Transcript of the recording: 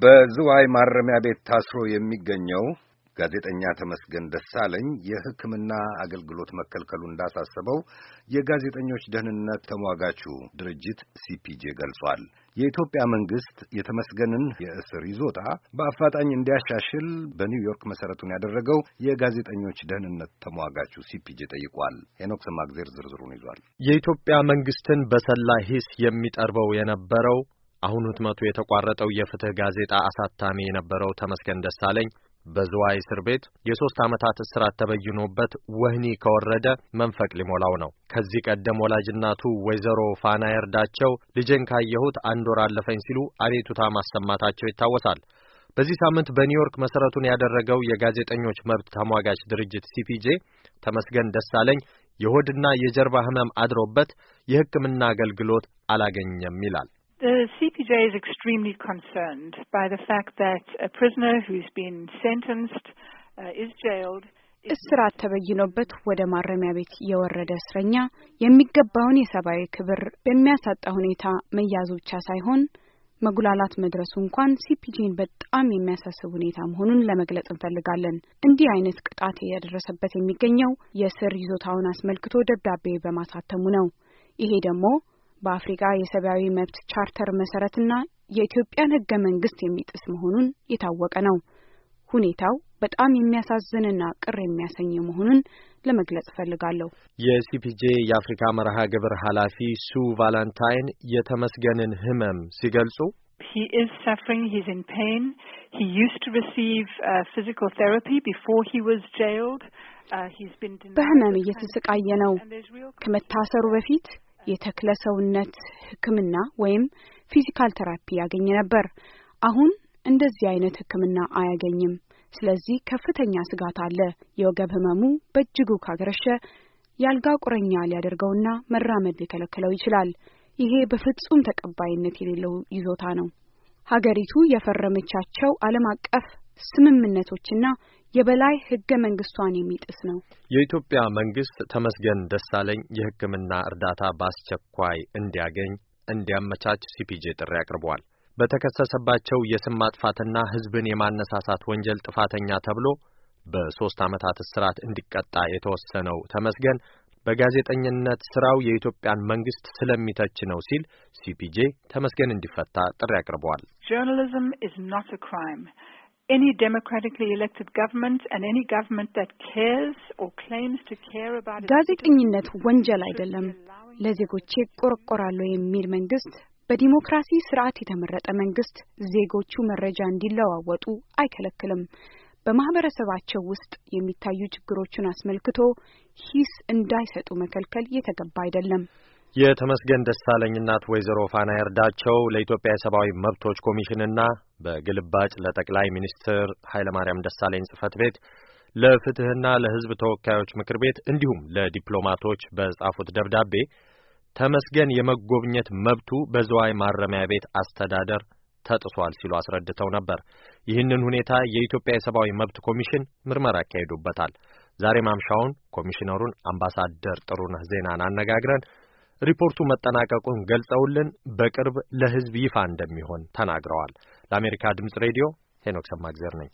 በዝዋይ ማረሚያ ቤት ታስሮ የሚገኘው ጋዜጠኛ ተመስገን ደሳለኝ የሕክምና አገልግሎት መከልከሉ እንዳሳሰበው የጋዜጠኞች ደህንነት ተሟጋቹ ድርጅት ሲፒጄ ገልጿል። የኢትዮጵያ መንግስት የተመስገንን የእስር ይዞታ በአፋጣኝ እንዲያሻሽል በኒውዮርክ መሰረቱን ያደረገው የጋዜጠኞች ደህንነት ተሟጋቹ ሲፒጄ ጠይቋል። ሄኖክ ሰማግዜር ዝርዝሩን ይዟል። የኢትዮጵያ መንግስትን በሰላ ሂስ የሚጠርበው የነበረው አሁን ህትመቱ የተቋረጠው የፍትህ ጋዜጣ አሳታሚ የነበረው ተመስገን ደሳለኝ በዝዋይ እስር ቤት የሶስት ዓመታት እስራት ተበይኖበት ወህኒ ከወረደ መንፈቅ ሊሞላው ነው። ከዚህ ቀደም ወላጅናቱ ወይዘሮ ፋና ያርዳቸው ልጄን ካየሁት አንድ ወር አለፈኝ ሲሉ አቤቱታ ማሰማታቸው ይታወሳል። በዚህ ሳምንት በኒውዮርክ መሠረቱን ያደረገው የጋዜጠኞች መብት ተሟጋች ድርጅት ሲፒጄ ተመስገን ደሳለኝ የሆድና የጀርባ ህመም አድሮበት የሕክምና አገልግሎት አላገኘም ይላል። The CPJ is extremely concerned by the fact that a prisoner who's been sentenced uh, is jailed. እስራት ተበይኖበት ወደ ማረሚያ ቤት የወረደ እስረኛ የሚገባውን የሰብአዊ ክብር በሚያሳጣ ሁኔታ መያዙ ብቻ ሳይሆን መጉላላት መድረሱ እንኳን ሲፒጂን በጣም የሚያሳስብ ሁኔታ መሆኑን ለመግለጽ እንፈልጋለን። እንዲህ አይነት ቅጣት የደረሰበት የሚገኘው የስር ይዞታውን አስመልክቶ ደብዳቤ በማሳተሙ ነው። ይሄ ደግሞ በአፍሪካ የሰብአዊ መብት ቻርተር መሰረትና የኢትዮጵያን ህገ መንግስት የሚጥስ መሆኑን የታወቀ ነው። ሁኔታው በጣም የሚያሳዝንና ቅር የሚያሰኝ መሆኑን ለመግለጽ እፈልጋለሁ። የሲፒጄ የአፍሪካ መርሃ ግብር ኃላፊ ሱ ቫላንታይን የተመስገንን ህመም ሲገልጹ He is suffering, he's in pain. He used to receive uh, physical therapy before he was jailed. Uh, በህመም እየተሰቃየ ነው። ከመታሰሩ በፊት የተክለ ሰውነት ሕክምና ወይም ፊዚካል ተራፒ ያገኝ ነበር። አሁን እንደዚህ አይነት ሕክምና አያገኝም። ስለዚህ ከፍተኛ ስጋት አለ። የወገብ ህመሙ በእጅጉ ካገረሸ ያልጋ ቁረኛ ሊያደርገውና መራመድ ሊከለክለው ይችላል። ይሄ በፍጹም ተቀባይነት የሌለው ይዞታ ነው። ሀገሪቱ የፈረመቻቸው ዓለም አቀፍ ስምምነቶችና የበላይ ህገ መንግስቷን የሚጥስ ነው። የኢትዮጵያ መንግስት ተመስገን ደሳለኝ የህክምና እርዳታ በአስቸኳይ እንዲያገኝ እንዲያመቻች ሲፒጄ ጥሪ አቅርበዋል። በተከሰሰባቸው የስም ማጥፋትና ህዝብን የማነሳሳት ወንጀል ጥፋተኛ ተብሎ በሶስት ዓመታት እስራት እንዲቀጣ የተወሰነው ተመስገን በጋዜጠኝነት ስራው የኢትዮጵያን መንግስት ስለሚተች ነው ሲል ሲፒጄ ተመስገን እንዲፈታ ጥሪ አቅርበዋል። ጆርናሊዝም ኢዝ ኖት አ ክራይም ጋዜጠኝነት ወንጀል አይደለም። ለዜጎቼ ቆረቆራለሁ የሚል መንግስት በዲሞክራሲ ስርዓት የተመረጠ መንግስት ዜጎቹ መረጃ እንዲለዋወጡ አይከለክልም። በማህበረሰባቸው ውስጥ የሚታዩ ችግሮችን አስመልክቶ ሂስ እንዳይሰጡ መከልከል የተገባ አይደለም። የተመስገን ደሳለኝ እናት ወይዘሮ ፋና ያርዳቸው ለኢትዮጵያ የሰብአዊ መብቶች ኮሚሽንና በግልባጭ ለጠቅላይ ሚኒስትር ኃይለማርያም ደሳለኝ ጽህፈት ቤት ለፍትህና ለህዝብ ተወካዮች ምክር ቤት እንዲሁም ለዲፕሎማቶች በጻፉት ደብዳቤ ተመስገን የመጎብኘት መብቱ በዝዋይ ማረሚያ ቤት አስተዳደር ተጥሷል ሲሉ አስረድተው ነበር። ይህንን ሁኔታ የኢትዮጵያ የሰብአዊ መብት ኮሚሽን ምርመራ አካሂዶበታል። ዛሬ ማምሻውን ኮሚሽነሩን አምባሳደር ጥሩነህ ዜናን አነጋግረን ሪፖርቱ መጠናቀቁን ገልጸውልን በቅርብ ለሕዝብ ይፋ እንደሚሆን ተናግረዋል። ለአሜሪካ ድምፅ ሬዲዮ ሄኖክ ሰማግዘር ነኝ።